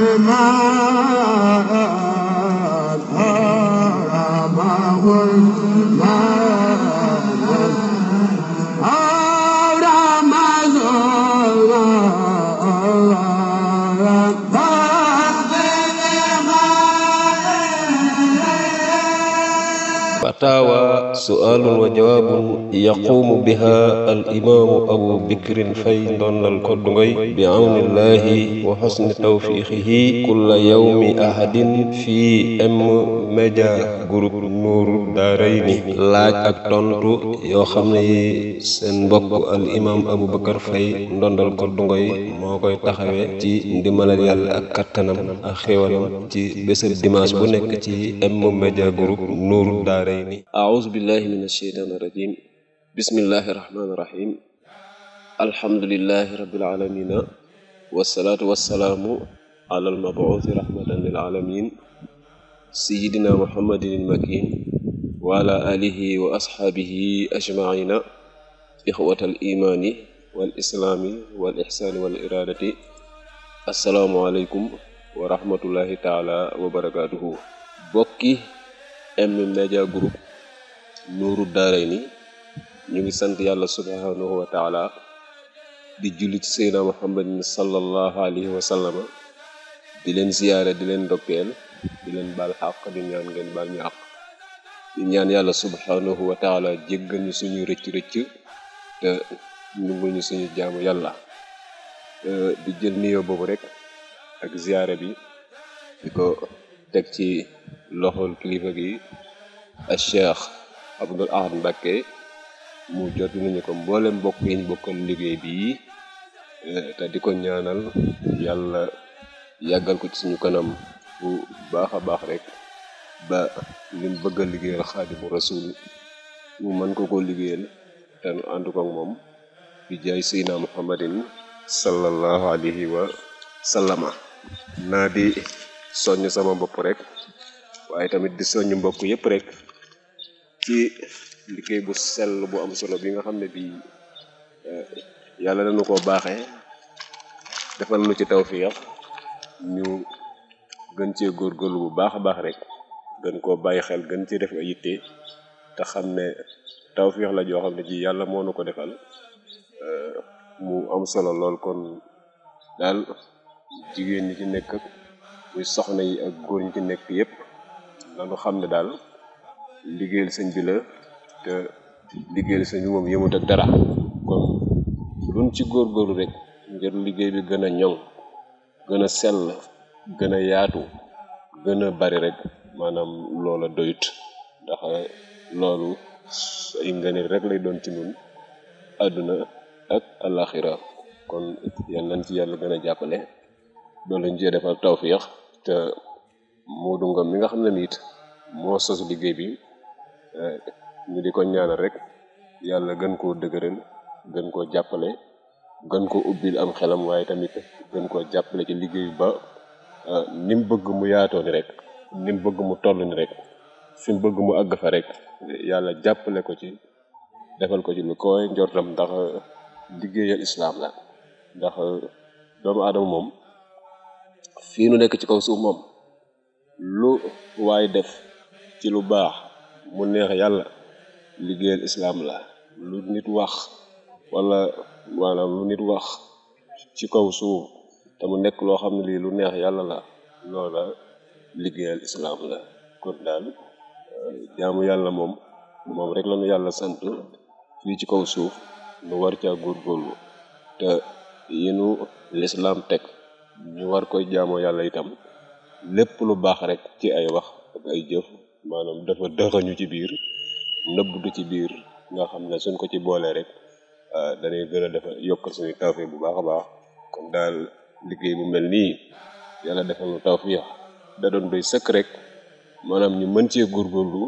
ma jawaabu yaquumu biha al imaamu abu bikrin fay ndondal koddu ngoy bi awnillahi wa xosni tawfiixihi kulla yawmi ahadin fii M Media Group nuuru daarayni laaj ak tontu yoo xam ne yi seen mbokk al imaam Aboubacar Faye ndondal ko dongo moo koy taxawee ci ndimbalal yàlla ak kattanam ak xéwalam ci bésëb dimanche bu nekk ci M Media Group nuuru daarayni aouzu billahi min asheytaan irajim bismillahi irahmani irahim alhamdulilahi rabbil alamina sayidina muhammadin ilmakin wa ala alihi wa asxaabihi ajmaina ixwata al imaani wal islaami wal ixsaani wal iraadati asalaamualeykum wa rahmatullahi taala wa barakaatuhu bokki M Media Group nuuru daaray ni ñu ngi sant yàlla subhanahu wa taala di julli ci seydina muhammadin sallallahu alayhi wa sallama di leen ziyaare di leen ndokkeel di leen baal xàq di ñaan ngeen baal ñu àq di ñaan yàlla subhanahu wa taala jéggal ñu suñu rëcc rëcc te nungul ñu suñu jaamu yàlla di jël nuyoo boobu rek ak ziyaara bi di ko teg ci loxol kilifa gi ak Cheikh Abdoul Ahad Mbacké mu jot nañu ko mboole mbokk yi liggéey bi eh, te di ko ñaanal yàlla yàggal ko ci suñu kanam bu baax a baax rek ba lim bëgg a liggéeyal xaadimu rasul mu mën ko koo liggéeyal te nu ànd moom bi jaay sayna muhammadin sallallahu alayhi wa sallama naa di soññ sama bopp rek waaye tamit di soññ mbokk yépp rek ci liggéey bu sell bu am solo bi nga xam ne bii eh, yàlla dañu ko baaxee defal nu ci tawfiq ñu gën cee góor góorgóorlu bu baax a baax rek gën koo bàyyi xel gën ci def ay yitte te xam ne tawféex la joo xam ne ci yàlla moo nu ko defal euh, mu am solo lool kon daal jigéen ñi ci nekk muy soxna yi ak góor ñi ci nekk yépp lañu xam ne daal liggéeyal sëñ bi la te liggéeyal sëñ bi moom yëmut ak dara kon luñ ci góorgóorlu rek ngir liggéey bi gën a ñoŋ gën a sell gën a yaatu gën a bari rek maanaam loola doyut ndax loolu ay ngëneel rek lay doon ci ñun àdduna ak alaxira kon yal nañ ci yàlla gën a jàppale loolu lañ cee defal tawfiix te Moodu Ngom mi nga xam ne niit moo sos liggéey bi eh, ñu di ko ñaanal rek yàlla gën koo dëgëral gën koo jàppale gën koo ubbil am xelam waaye tamit gën koo jàppale ci liggéey ba Euh, ni mu bëgg mu yaatoo rek ni bëgg mu toll ni rek fi bëgg mu àgg fa rek yàlla jàppale ko ci defal ko ci lu koy njortam ndax euh, liggéeyal islaam la ndax euh, doomu aadama moom fii nu nekk ci kaw suuf moom lu waay def ci lu baax mu neex yàlla liggéeyal islaam la lu nit wax wala maanaam lu nit wax ci kaw suuf te mu nekk loo xam ne lii lu neex yàlla la loola liggéeyal islaam la kon daal euh, jaamu yàlla moom moom rek lañu yàlla sant fii ci kaw suuf nu war caa góorgóorlu te yenu lislaam teg ñu war koy jaamoo yàlla itam lépp lu baax rek ci ay wax ak ay jëf maanaam dafa dëxañu ci biir du ci biir nga xam ne suñ ko ci boolee rek euh, dañuy gën a dafa yokk suñu tawfeex bu baax a baax kon daal liggéey mu mel nii yàlla defal nu tawfiix da doon doy sëkk rek maanaam ñu mën cee góorgóorlu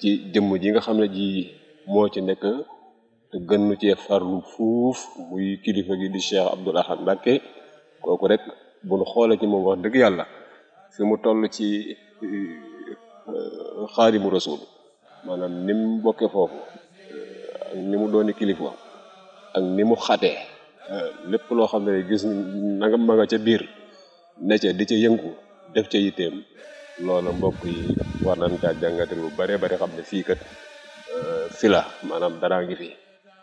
ci jëmm ji nga xam ne ji moo ci nekk te gën nu cee farlu fuuf muy kilifa gi di Cheikh Abdoul Ahad Mbacké kooku rek bu nu xoolee ci moom wax dëgg yàlla fi mu toll ci euh, xaadimu rasul maanaam ni mu bokkee foofu ak ni mu dooni kilifa ak ni mu xate Euh, lépp loo xam ne gis nanga ma nga ca biir ne ca di ca yëngu def ca yitteem loola mbokk yi war nañ caa jàngate bu bare bare xam ne fii kat euh, fi la maanaam daraa ngi fi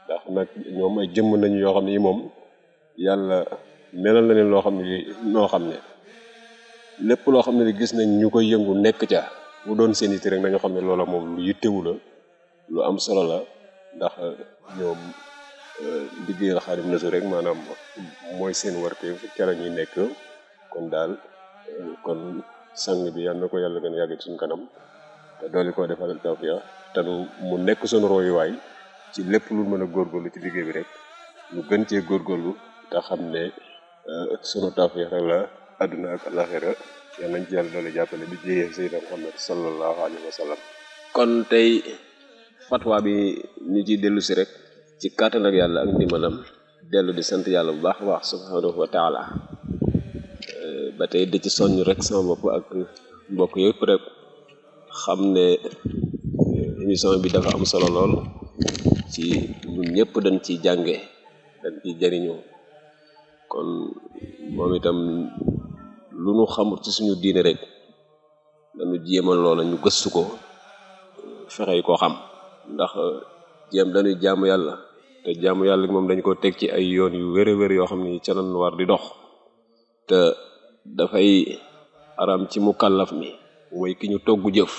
ndax nag ñoom ay jëmm nañu yoo xam ne yi moom yàlla melal na leen loo xam ne noo xam ne lépp loo xam ne gis nañ ñu koy yëngu nekk ca bu doon seen yitte rek nañu xam ne loola moom lu yittewu la lu am solo la ndax euh, ñoom liggéeyal xaadim nasu rek maanaam mooy seen warteef ca la ñuy nekk kon daal kon sang bi yal na ko yàlla gën a yàgg suñ kanam te dooli koo defal tawfiya te mu nekk suñu royuwaay ci lépp lu mën a góorgóorlu ci liggéey bi rek ñu gën cee góorlu te xam ne euh, sunu tawfiya rek la àdduna ak alaxira yal nañ ci yàlla doole jàppale bi jéyee sayyidina Muhammad sallallahu alayhi wa sallam kon tey fatwa bi ñu ciy dellu si rek ci kàttan ak yàlla ak ndimbalam dellu di sant yàlla bu baax a baax subhanahu wa taala euh, ba tey di ci soññ rek sama bopp ak mbokk yëpp rek xam ne euh, émission bi dafa am solo lool ci ñun ñëpp dañ ci jànge dañ ciy jëriñoo kon moom itam lu nu xamul ci suñu diine rek dañu jéemal loola ñu gëstu ko fexe koo xam ndax jéem dañuy jaamu yàlla te jaamu yàlla moom dañ ko teg ci ay yoon yu wér wér yoo xam ni ca lan war di dox te dafay aram ci mu kàllaf mi mooy ki ñu togg jëf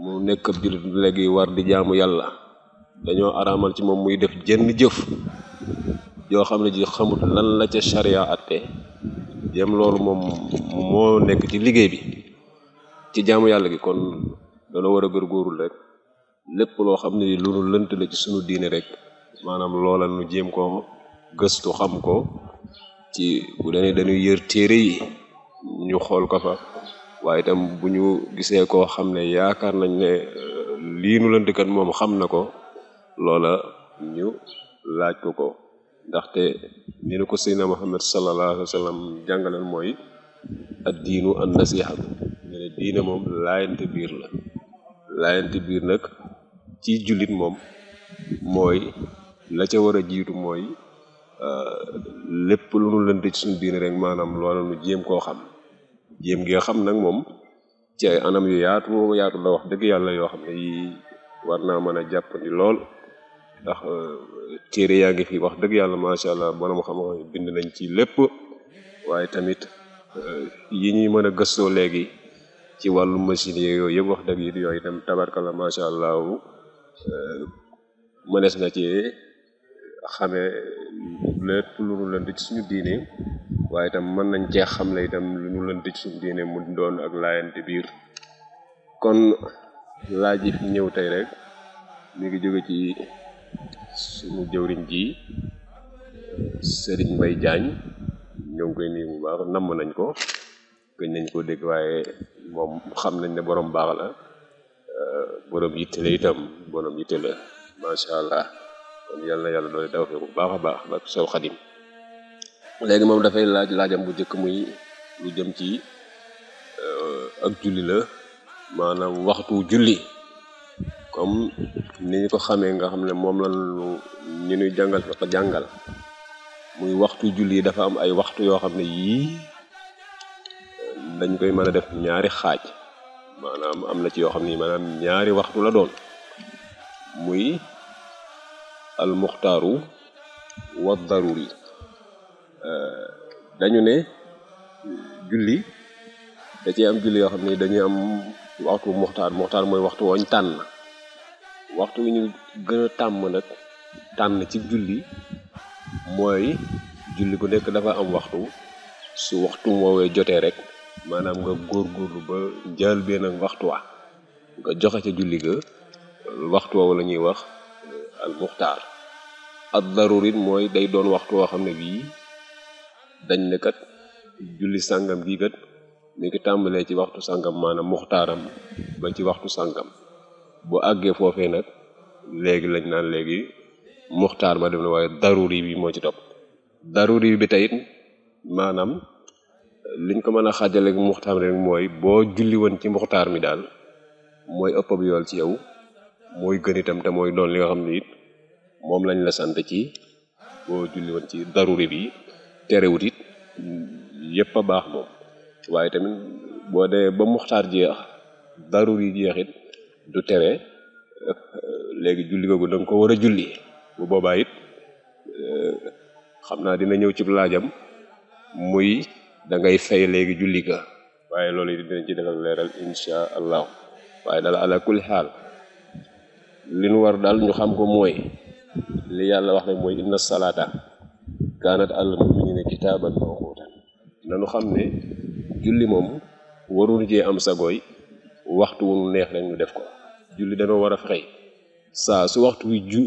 mu nekk ab jullit léegi war di jaamu yàlla dañoo araamal ci moom muy def jenn jëf yoo xam ne ji xamut lan la ca charia atte jëm loolu moom moo nekk ci liggéey bi ci jaamu yàlla gi kon dana war a góorgóorlu rek lépp loo xam ne lu nu lënt la ci suñu diine rek maanaam loola nu jéem ko gëstu xam ko ci bu dene dañuy yër téere yi ñu xool ko fa waaye itam bu ñu gisee koo xam ne yaakaar nañ ne euh, lii nu lënt kat moom xam na ko loola ñu laaj ko ko ndaxte ni nu ko seydna Muhammad sallallahu alayhi wa sallam jàngalal mooy ad diinu an nasihatu ne diine moom laayante biir la laayante biir nag ci jullit moom mooy la ca war a jiitu mooy euh, lépp lu nu lënt ci suñu diine rek maanaam loola nu jéem koo xam jéem gi xam nag moom ci anam yu yaatu yaatu la wax dëgg yàlla yoo xam ne yi war naa mën a jàppandi lool ndax euh, téere yaa ngi fi wax dëgg yàlla macha allah borom xam-xam bind nañ ci lépp waaye tamit euh, yi ñuy mën a gëstoo léegi ci wàllu machine yooyu yëpp wax dëgg yi yooyu itam tabarkala macha allah mënees na ci xamee lu nu lënd ci suñu diine waaye itam mën nañ cee xamle itam lu nu lënd ci suñu diine mu doon ak laayante biir kon laaj yi ñëw tey rek mu ngi jóge ci suñu jëwriñ ji sëriñ Mbay Jaañ ñoo koy nii bu baax namm nañ ko gëj nañ koo dégg waaye moom xam nañ ne borom baax la euh, borom yitte la itam borom yitte la macha allah kon yal na yàlla doole tawfeex bu baax a baax ba sew xadim léegi moom dafay laaj laajam bu njëkk muy lu jëm ci euh, ak julli la maanaam waxtu julli comme ni ñu ko xamee nga xam ne moom la ñu ñuy jàngal fi ko jàngal muy waxtu julli dafa am ay waxtu yoo xam ne yii. dañ koy mën a def ñaari xaaj maanaam am na ci yoo xam ni maanaam ñaari waxtu la doon muy almuxtaaru wa daruri dañu ne julli da am julli yoo xam ni dañuy am waxtu muxtaar muxtaar mooy waxtu wooñ tànn waxtu wi ñu gën a tàmm nag tànn ci julli mooy julli ku nekk dafa am waxtu su waxtu woowee jotee rek maanaam nga góor góorgóorlu ba jaal benn waxtu wa nga joxe ca julli ga waxtu woowu la ñuy wax euh, al muxtaar ad darurit mooy day doon waxtu woo xam ne bii dañ ne kat julli sàngam gii kat mi ngi tàmbalee ci waxtu sàngam maanaam muxtaaram ba ci waxtu sàngam bu àggee foofee nag léegi lañ naan léegi muxtaar ma dem na waaye daruri bi moo ci topp daruri bi tey maanaam liñ ko mën a xaajale ak muxtaar rek mooy boo julli woon ci muxtaar mi daal mooy ëpp yool ci yow mooy gën itam te mooy doon li nga xam ne it moom lañ la sant ci boo julli woon ci daruri bi terewut it yépp a baax moom waaye tamit boo dee ba muxtaar jeex daruri jeex du tere léegi julli googu da nga ko war a julli bu boobaa eh, xam naa dina ñëw ci laajam muy da ngay fay léegi julli ga waaye loolu it dinañ defal leeral insha allahu waaye daal ala kulli xaal li nu war daal ñu xam ko mooy li yàlla wax ne mooy a salaata kaanat alal muminina kitaaban mawquutan nanu xam ne julli moom warul jee am sagooy waxtu wu nu neex rek ñu def ko julli danoo war a fexey saa su waxtu wi ju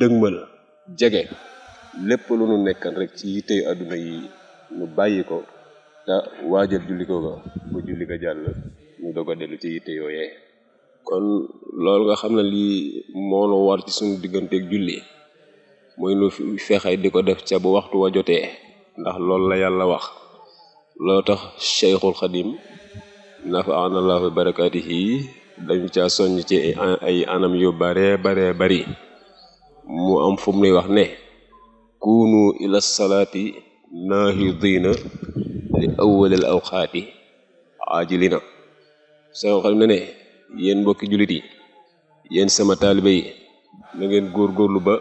dëgmal jege lépp lu nu nekkan rek ci yittey adduna yi ñu bàyyi ko te waajal julli googa bu julli ga jàll ñu doog dellu ci yitte yooyee kon loolu nga xam na lii moo nu war ci suñu digganteek julli mooy nu fexe di ko def ca bu waxtu wa jotee ndax loolu la yàlla wax loo tax Cheikhul Xadim nafaana laahu bi barakaatihi dañu ca soññ ci ay anam yu baree bare bari mu am fu mu wax ne kuunu ila salaati naahidiina li awwalil awqaati aajilina sanga xam ne ne yéen mbokki jullit yi yéen sama taalibe yi na góor góorlu ba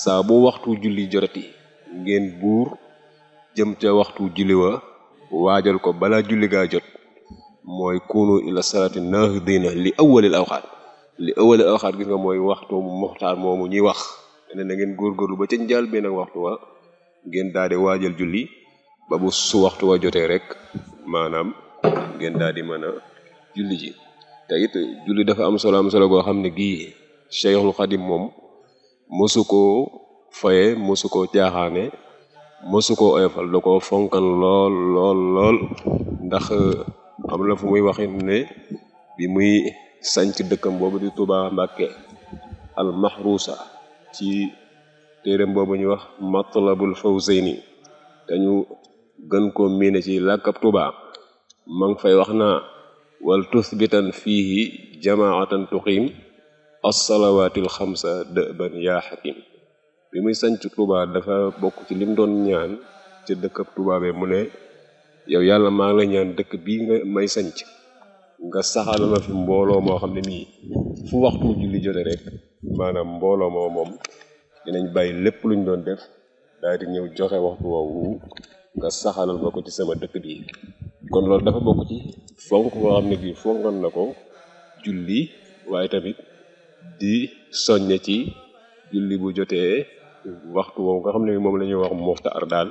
saa bu waxtu julli jorati ngeen buur jëm ca waxtu julli wa waajal ko balaa julli gaa jot mooy kuunu ila salaati naahidiina li awwalil awqaat li awwalil awqaat gis nga mooy waxtu muxtaar moomu ñuy wax ne na ngeen góorgóorlu ba ca njaal benn waxtu wa ngeen daal di waajal julli ba bu su waxtu wa jotee rek maanaam ngeen daal di mën a julli ji te julli dafa am solo am solo goo xam ne gii Cheikhul Xadim moom mosu koo faye mosu koo caaxaane mosu koo oyofal da koo fonkan lool lool lool ndax am na fu muy waxit ne bi muy sanc dëkkam boobu di tubaa Mbàkke al mahruusa ci téeréem boobu ñu wax matlabul fawzayni dañu gën koo miine ci làkkab tubaa ma fay wax naa wal tuthbitan fiihi jamaatan tuqiim assalawaatil xamsa dëban yaa xakim bi muy sanc tubaa dafa bokk ci lim doon ñaan ci dëkkab tubaabee mu ne yow yàlla maa ngi lay ñaan dëkk bii nga may sanc nga saxal ma fi mbooloo moo xam ne nii fu waxtu julli jote rek maanaam mbooloo moom dinañ bàyyi lépp luñ doon def daal di ñëw joxe waxtu woowu nga saxalal ma ko ci sama dëkk bi kon loolu dafa bokk ci fonk boo xam ne bii fonkoon na ko julli waaye tamit di soññe ci julli bu jotee waxtu woowu nga xam ne moom la ñuy wax muxtaar daal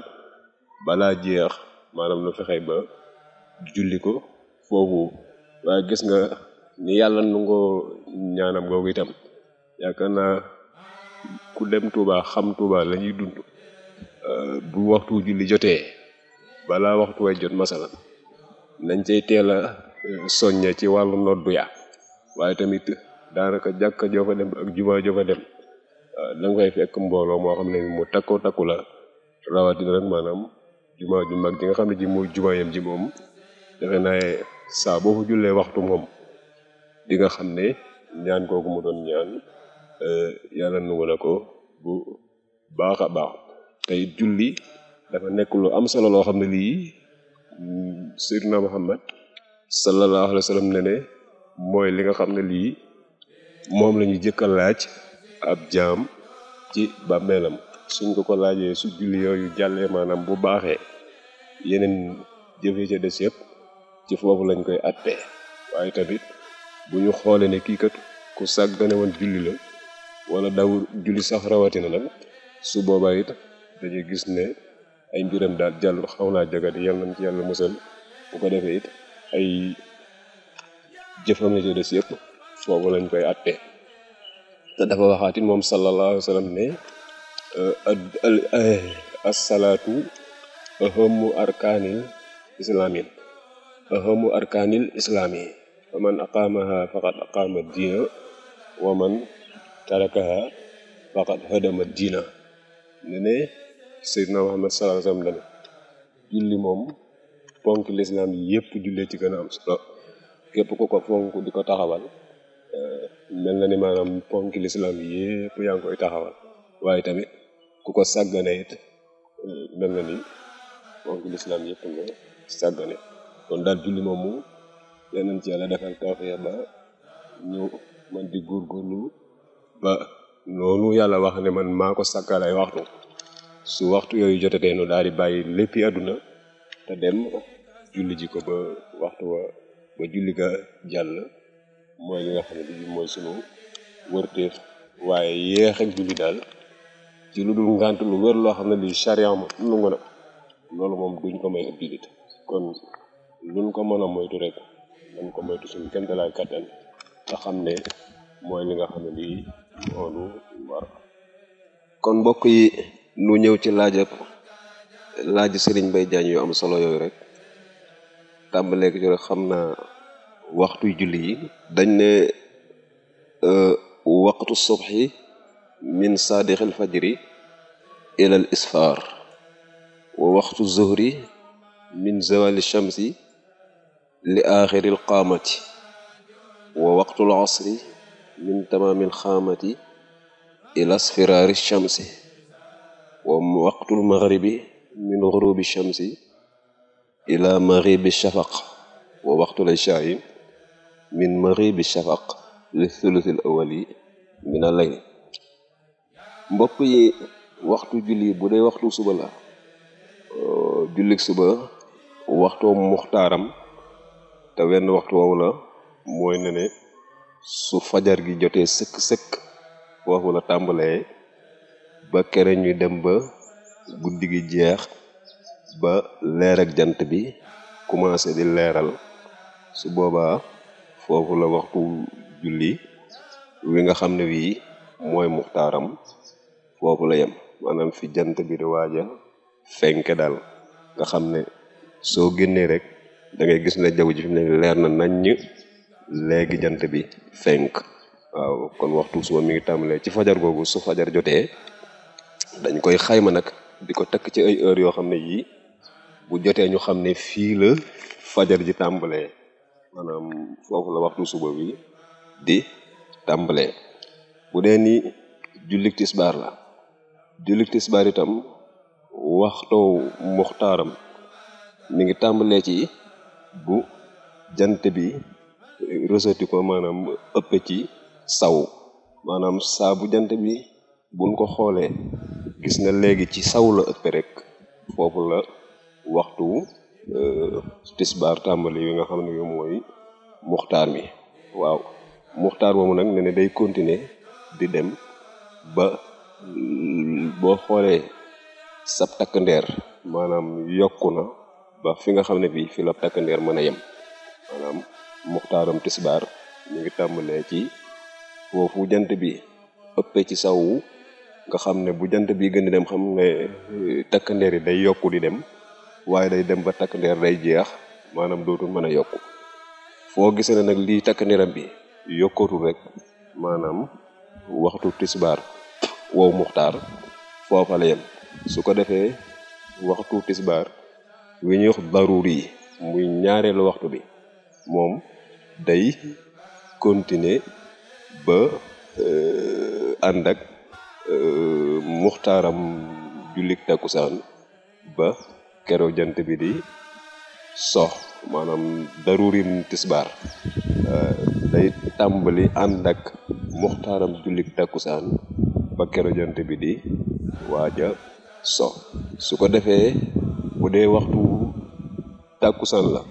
balaa jeex maanaam nu fexe ba julli ko foofu waaye gis nga ni yàlla nangoo ñaanam googu itam yaakaar naa ku dem Touba xam Touba lañuy dund euh, bu waxtu julli jotee balaa waxtu way jot masala nañ cay teel a euh, soñña ci wàllu noddu ya waaye tamit daanaka jàkka joo fa dem ak juma joo dem euh, da nga fekk mbooloo moo xam ne mu takko takku maanaam juma ju mag ji nga xam ne ji mooy juma yam ji moom defe naa saa boo jullee waxtu moom di nga xam ne ñaan kooku mu doon ñaan Eh, yàlla nu wala ko bu baax a baax tey julli dafa nekk lu am solo loo xam ne lii Seydina Muhammad sallallahu alayhi wa sallam ne ne mooy li nga xam ne lii moom lañuy ñu jëkk laaj ab jaam ci bàmmeelam suñ ko ko laajee su julli yooyu jàllee maanaam bu baaxee yeneen jëfe ca des yëpp ci foofu lañ koy attee waaye tamit bu ñu xoolee ne kii kat ku sàggane woon julli la wala daw julli sax rawatina nag su boobaa it gis ne ay mbiram daal jàll xaw naa jagati yàlla nañ ci yàlla musal bu ko defee it ay jëfam la ci des yëpp foofu lañ koy attee te dafa waxaat it moom sallallahu alayhi wa sallam ne asalaatu eh, ahamu arkaanil islaamin ahamu arkaanil islaami fa man aqaamaha faqad aqaama wa man tarakaha faqad hadama diina ne ne Seydina Muhammad sallallahu alayhi wa julli moom fonk lislaam yi yëpp jullee ci gën am solo képp ku ko fonk di ko taxawal eh, mel na ni maanaam fonk lislaam yi yëpp koy taxawal waaye tamit ku ko sàggane it eh, mel na ni fonk lislaam yëpp nga sàggane kon daal julli moomu yal nañ ci yàlla defal tawfeex ba ñu man di góorgóorlu ba noonu yàlla wax ne man maa ko sàkkal ay waxtu su waxtu yooyu jotatee nu daal di bàyyi léppi àdduna te dem julli ji ba waxtu wa ba julli ga jàll mooy li nga xam ne bii mooy sunu wërteef waaye yéex ak julli lu dul lu wër loo xam ne lii charia ma lu nga na loolu moom duñ ko may ab jullit kon luñ ko mën a moytu rek dañ ko moytu suñu kéemtalaay kattan te xam ne mooy li nga xam ne lii loolu kon mbokk yi nu ñëw ci laajab laaj Serigne Mbaye Diagne yu am solo yooyu rek tàmbaleeg ci rek xam na waxtu julli yi dañ ne euh, waqtu subhi min saadixil fajri ilal isfaar wa waxtu zuhri min zawali shamsi li aaxiril qaamati wa waqtul asri min tamaamil xaamati ila asfiraari shamsi wa waxtu maghribi min ghurubi shamsi ila maghribi shafaq wa waqtul ishaa'i min maghribi shafaq li thuluthil awwali min al-layl mbokk yi waxtu julli bu dee waxtu suba la euh, jullik suba waxtoom muxtaaram te wenn waxtu woowu la mooy ne su fajar gi jotee sëkk sëkk foofu la tàmbalee ba kere ñu dem ba guddi gi jeex ba leer jant bi commencé di leeral su boobaa foofu la waxtu julli wi nga xam ne wii mooy muxtaaram foofu la yem maanaam fi jant bi di waaja fenke daal nga xam ne soo génnee rek dangay gis ne jaw ji fi mu ne leer na naññ léegi jant bi fenk waaw kon waxtu suba mi ngi tàmbalee ci fajar googu su fajar jotee dañ koy xayma nag di ko takk ci ay heures yoo xam ne yii bu jotee ñu xam ne fii la fajar ji tàmbalee maanaam foofu la waxtu suba bi di tàmbalee bu dee ni jullik tisbaar la jullik tisbaar itam waxtoow muxtaaram mi ngi tàmbalee ci bu jant bi rësati maanaam ëpp ci saw maanaam saa bu jant bi buñ ko xoolee gis na léegi ci saw la ëpp rek foofu la waxtu euh, tisbaar tàmbali yi nga xam ne yow mooy muxtaar mi waaw muxtaar moomu nag ne ne day continuer di dem ba boo xoolee sab takkandeer maanaam yokku na ba fi nga xam ne bii fi la takkandeer mën a yem maanaam muxtaaram tisbaar mu ngi tàmbalee ci foofu jant bi ëpp ci sawu nga xam ne bu jant bi gën di dem xam ne eh, takk yi day yokku di dem waaye day dem ba takk day jeex maanaam dootul mën a yokk foo gisee ne nag lii takk bi yokkootul rek maanaam waxtu tisbaar wow muxtaar foofa la yem su ko defee waxtu tisbaar wi ñuy wax daruur yi muy ñaareelu waxtu bi moom day continuer ba euh, ànd ak euh, muxtaaram jullik takkusaan ba keroog jant bi di sox maanaam darurim tisbaar euh, day tàmbali ànd ak muxtaaram jullik takkusaan ba keroog jant bi di waaja sox su ko defee bu dee waxtu takkusaan la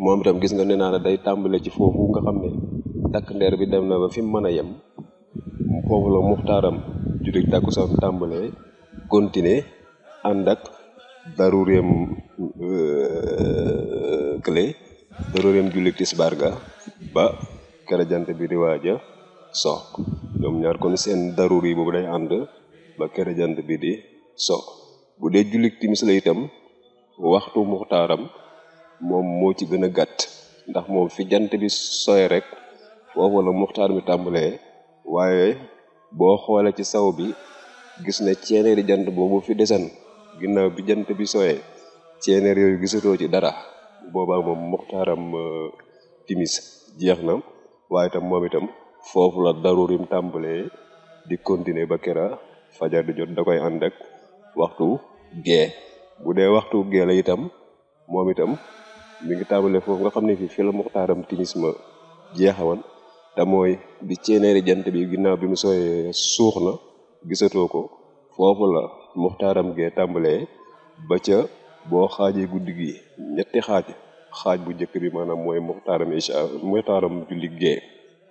moom itam gis nga ne naa ne day tàmbale ci foofu nga xam ne takk ndeer bi dem na ba fi mu mën a yem foofu la muxtaaram jullit tàkkusaan tàmbale continuer ànd ak daruréem clé euh, daruréem jullit tisbaar ga ba kere jant bi di waaj a so ñaar kon seen darur yi boobu day ànd ba kere jant bi di so bu dee jullit timis la itam waxtu muxtaaram moom moo ci gën a gàtt ndax moom fi jant bi soy rek foofu la muxtaar mi tàmbalee waaye boo xoolee ci saw bi gis ne ceeneeri jant boobu fi desan ginnaaw bi jant bi soyee ceeneer yooyu gisatoo ci dara boobaa moom muxtaaram euh, timis jeex na waaye itam moom itam foofu la darurim tàmbalee di continuer ba kera fajar di jot da koy ànd waxtu gee bu dee waxtu gee la itam moom itam mu ngi tàmbalee foofu nga xam ne fii fi la muxtaaram timis ma jeexawoon te mooy bi ceeneeri jant bi ginnaaw bi mu sooyee suux na gisatoo ko foofu la muxtaaram gee tàmbalee ba ca boo xaajee guddi gi ñetti xaaj xaaj bu njëkk bi maanaam mooy muxtaaram isha muxtaaram julli gee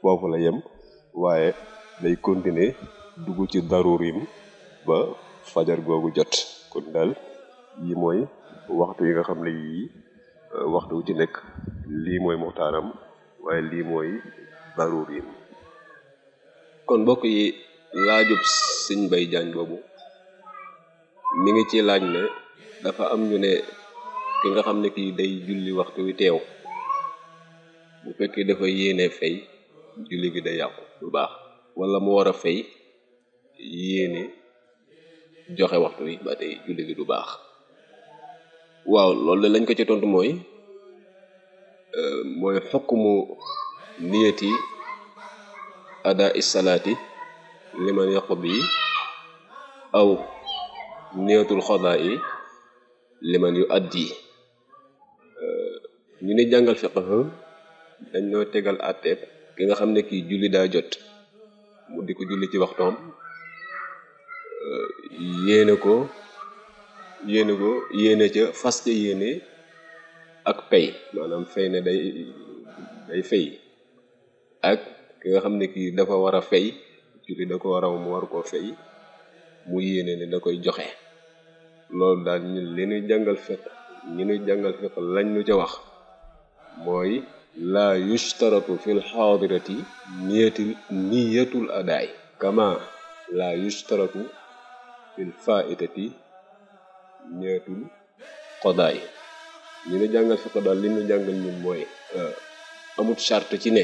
foofu la yem waaye day continuer dugg ci darurim ba fajar googu jot kon daal yi mooy waxtu yi nga xam ne yii waxtu ci nekk lii mooy muxtaaram waaye lii mooy daruuriim kon mbokk yi laajub sëñ bay Jaañ boobu mu ngi ci laaj ne dafa am ñu ne ki nga xam ne kii day julli waxtu wi teew bu fekkee dafa yéene fay julli gi day yàqu bu baax walla mu war a fay yéene joxe waxtu wi ba tey julli gi du baax waaw loolu de lañ ko ci tontu mooy euh, mooy xukmu niyati ada isalaati liman yaqub yi aw niyatul xodaa yi liman yu addi ñu ne jàngal fiqh dañ noo tegal àtteeb ki nga xam ne kii julli daa jot mu di ko julli ci waxtoom euh, yéene ko yéene ko yéene ca fas ca yéene ak pay maanaam fay ne day day fay ak ki nga xam ne kii dafa war a fay julli da ko war a mu war koo fay mu yéene ne da koy joxe loolu daal ñun li ñuy jàngal fiq ñi ñuy jàngal fiq lañ ñu ca wax mooy la yushtaratu fi lxaadirati niyatil niyatul adaay kama laa yushtaratu fi lfaitati ñëwetul xodaay li ñu jàngal fiqh daal li ñu jàngal ñun mooy euh, amut charte ci ne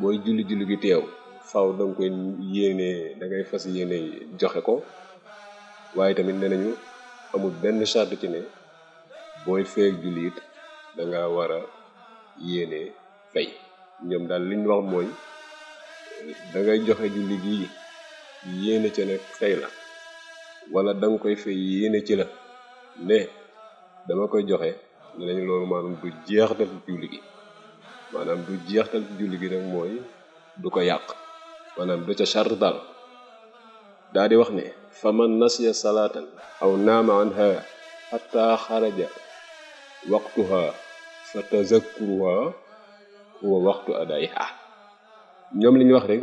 booy julli julli gi teew faw da nga koy yéene da fas yéene joxe ko waaye tamit nee nañu amul benn charte ci ne booy feeg julli it da war a yéene fay ñoom daal li ñu wax mooy da joxe julli gi yéene ca ne fay la wala da koy fay yéene ci la ne dama koy joxe ne nañ loolu maanaam du jeextal julli gi maanaam du jeextal julli gi nag mooy du ko yàq maanaam du ca charte daal daa di wax ne fa man nasiya salaatan aw naama anha xata xaraja waqtuha fa tazakkuruha huwa waxtu adaayiha ñoom li ñu wax rek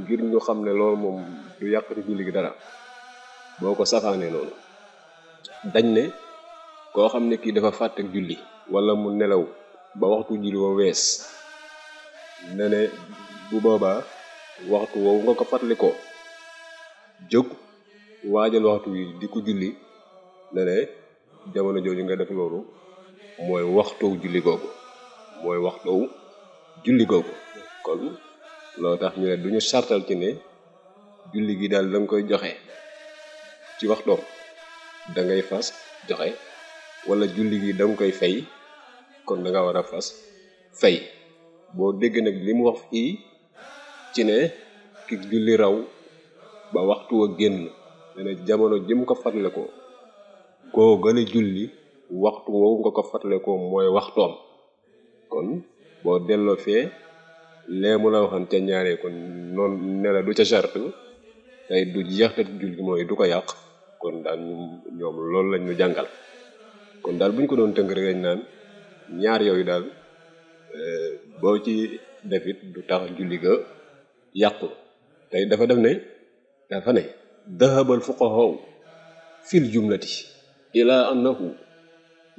ngir ñu xam ne loolu moom du yàq ci julli gi dara boo ko safaanee noonu dañ ne koo xam ne kii dafa fàtte julli wala mu nelaw ba waxtu julli wa wees ne ne bu boobaa waxtu woowu nga ko fàttalikoo jóg waajal waxtu wi di ko julli ne ne jamono jooju nga def loolu mooy waxtu julli googu mooy waxtu julli googu kon loo tax ñu ne ñu sartal ci ne julli gi daal la koy joxe ci waxtoom da fas joxe wala julli gi da koy fay kon danga war a fas fay boo dégg nag li mu wax fii ci ne ki julli raw ba waxtu wa génn ne jamono jëm ko fatle ko gën a julli waxtu ko fatle ko mooy waxtoom kon boo delloo fee lee mu la waxan ca ñaaree kon du ca charte tey du jeex te julli mooy du ko yàq kon daal ñu ñoom loolu lañ ñu jàngal kon daal bu ñu ko doon tënk rek naan ñaar yooyu daal eh, boo ci defit du tax julli ga yàqu tey dafa def ne dafa ne dahabal fuqaha fil jumlati ila annahu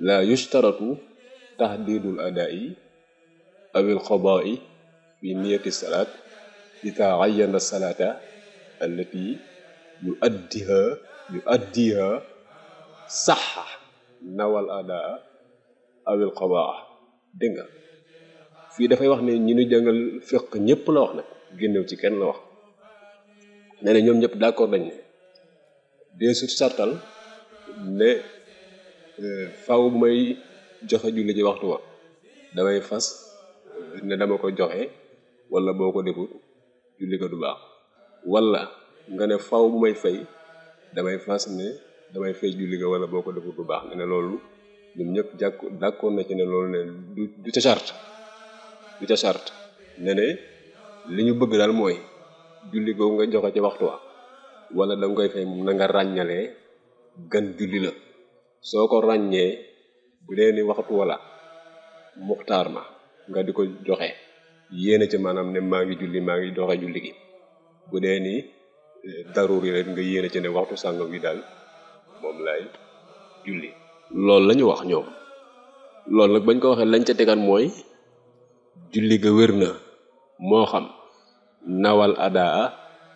la yushtaratu tahdidul adaa'i awil qadaa'i fi niyati salaat ida ayana salaata allati yuaddiha yuaddiha saxa nawal adaa awil qabaa dégg nga fii dafay wax ne ñi ñu jàngal fiq ñëpp la wax nag génnew ci kenn la wax nee na ñoom ñëpp d'accord dañ ne dee sut sartal ne euh, faw may joxe julli ci waxtu wa damay fas ne dama ko joxe wala boo ko defut julli ko du baax wala nga ne faw bu may fay damay fas ne damay fay julli ga wala boo ko defut bu baax ne ne loolu ñoom ñëpp jàkk d'accord na ci ne loolu ne du du ca charte du charte ne ne li ñu bëgg daal mooy julli googu nga joxe ci waxtu wa wala danga koy fay moom na nga ràññalee gan julli la soo ko ràññee bu dee ni waxtu walla muxtaar ma nga di ko joxe yéene ci maanaam ne maa ngi julli maa ngi doxe julli gi bu dee ni daruuri rek nga yéene ci ne waxtu sàngam wi daal moom laay julli loolu la ñu wax ñoom loolu nag bañ ko waxee lañ ca tegan mooy julli ga wér na moo xam nawal adaa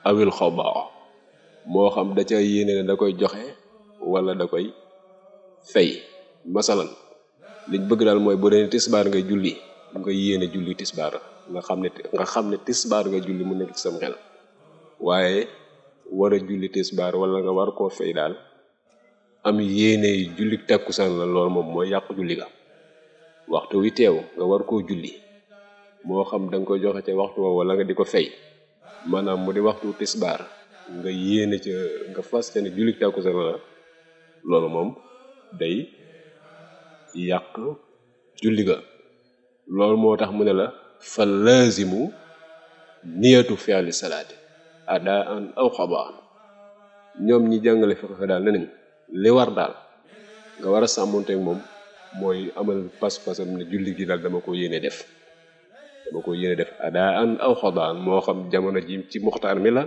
awil xobaa moo xam da ca yéene ne da koy joxe wala da koy fey masalan liñ bëgg daal mooy bu dee tisbaar ngay julli nga yéene julli tisbaar nga xam ne xam ne tisbaar nga julli mu nekk ci sam xel waaye war a julli tisbaar wala nga war koo fay daal am yéene julli takkusaan la loolu moom mooy yàq julli ga waxtu wi teew nga war koo julli moo xam danga ko joxe ca waxtu woowu wala nga di ko fay maanaam mu di waxtu tisbaar nga yéene ca nga fas ca ne julli takkusaan la loolu moom day yàq julli ga loolu moo tax mu ne la fa laazimu niyatu fi'li salaati adaan aw xaba ñoom ñi jàngale fiqh daal nenañ li war daal nga war a sàmmonteeg moom mooy amal pas-pasam ne julli gi daal dama koo yéene def dama ko yéene def adaan aw xabaan moo xam jamono ji ci muxtaar mi la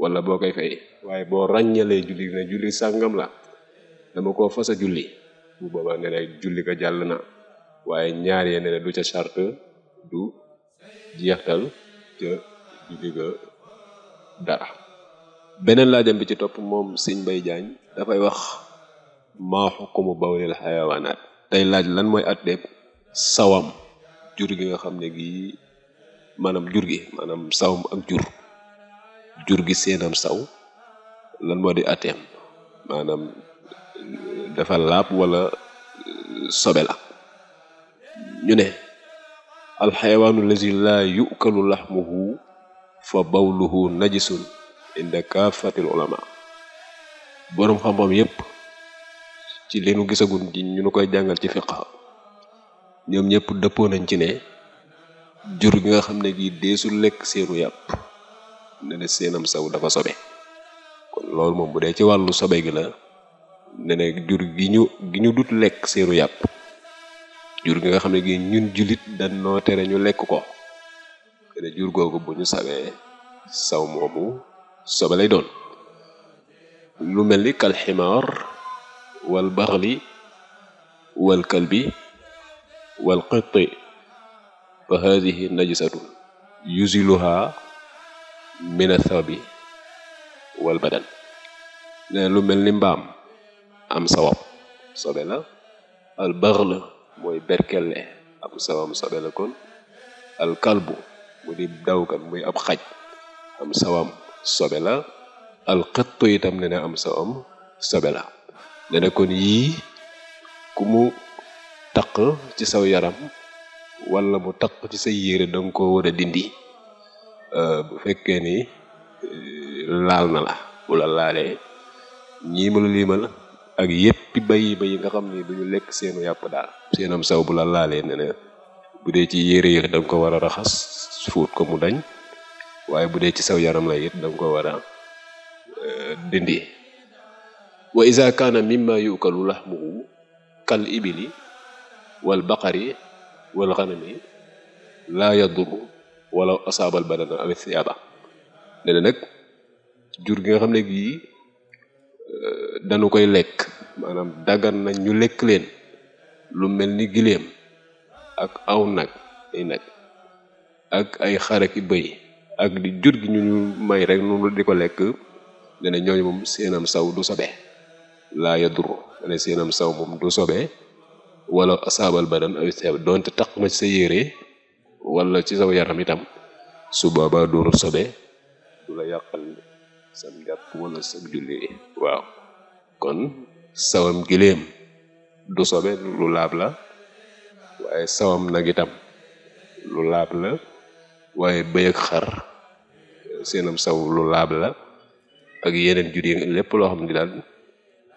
wala boo koy fay waaye boo ràññalee julli gi sàngam la dama ko fas a julli bu boobaa nga julli ga jàll na waaye ñaar yee ne du ca charte du jeextal ca julli ga dara beneen laajam bi ci topp moom sëñ bay Diagne dafay wax maa xukumu bawlil xayawaanaat tey laaj lan mooy atteeb sawam jur gi nga xam ne gii maanaam jur gi maanaam sawam ak jur jur gi seenam saw lan moo di atteem maanaam dafa laab wala sobe la ñu ne alxayawaanu lazi laa yukalu laxmuhu fa bawluhu najisun inda kaafatil ulama boroom xam-xam yépp ci li nu gisagun ci ñu nu koy jàngal ci fiqh ñoom ñëpp dëppoo nañ ci ne jur gi nga xam ne gii deesul lekk seeru yàpp ne ne seenam saw dafa sobe kon loolu moom bu dee ci wàllu sobe gi la ne ne jur gi ñu dut lekk seeru yàpp jur gi nga xam ne gi ñun jullit dañ noo tere ñu lekk ko ne jur googu bu ñu sawee saw moomu sobe lay doon lu mel ni kal ximaar wal baxli wal kalbi wal qitti fa hadihi najisatun yuziluha min athabi wal badan lu mel ni mbaam am sawam sobe la al baxl mooy berkelle am sawam sobe la kon al kalbu mu di dawkat muy ab xaj am sawam sobe la alxëttu itam ne na am sawam sobe la ne na kon yii ku mu taq ci saw yaram wala mu taq ci sa yére danga ko war a dindi euh, bu fekkee ni euh, laal na la bu la laalee ñii ma ak limal ak yéppi bay yi nga xam ni ñu lekk seenu yàpp daal seenam saw bu la laalee ne na bu dee ci yére yi la ko war a raxas fóot ko mu dañ waaye bu dee ci saw yaram la it da nga ko war a euh, dindi wa iza kaana mimma yukalu laxmuhu kal ibili wal nag jur gi nga xam ne gii euh, dañu koy lekk maanaam daggan nañ ñu lekk leen lu mel ni gileem ak aw nag ay nag ak ay xar ak bëy ak di jur gi ñu ñu may rek noonu di ko lekk ne na ñooñu moom seenam saw du sobe laa yaduru ne seenam saw moom du sobe wala asaabal badan aw seeb doonte taq ma ci sa yére wala ci saw yaram itam su boobaa dooru sobe du la yàqal sam jàpp wala sam julli waaw kon sawam giléem du sobe lu laab la ay sawam nag itam lu laab la waaye bëy xar seenam saw lu laab la ak yeneen jur lépp loo xam ne daal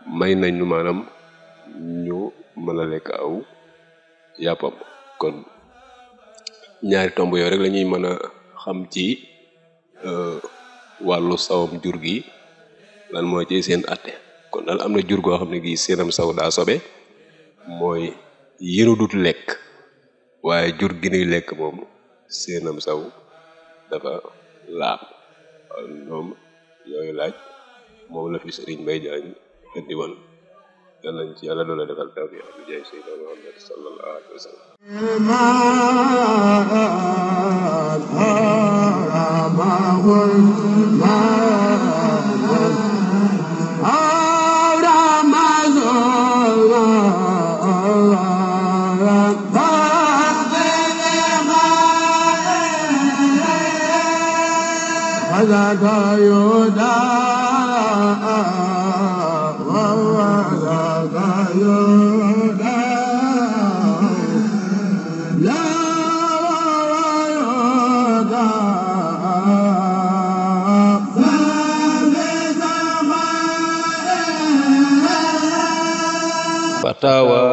may nañ lu maanaam ñu mën a lekk aw yàppam kon ñaari tomb yooyu rek lañuy mën a xam ci euh, wàllu sawam jur gi lan mooy ci seen atte kon daal am na jur goo xam ne gi seenam saw daa sobe mooy yéenu dut lekk waaye jur gi nuy lekk moom seenam saw dafa laab ñoom yooyu laaj moom la fi sëriñ Mbay Jaañ indi woon yal nañ ci yàlla doole defal taw bi ak jaay Seydina Muhammad sallallahu alayhi wa sallam ذاك يودا وهو ذاك يودا لا وهو يودا فتاوى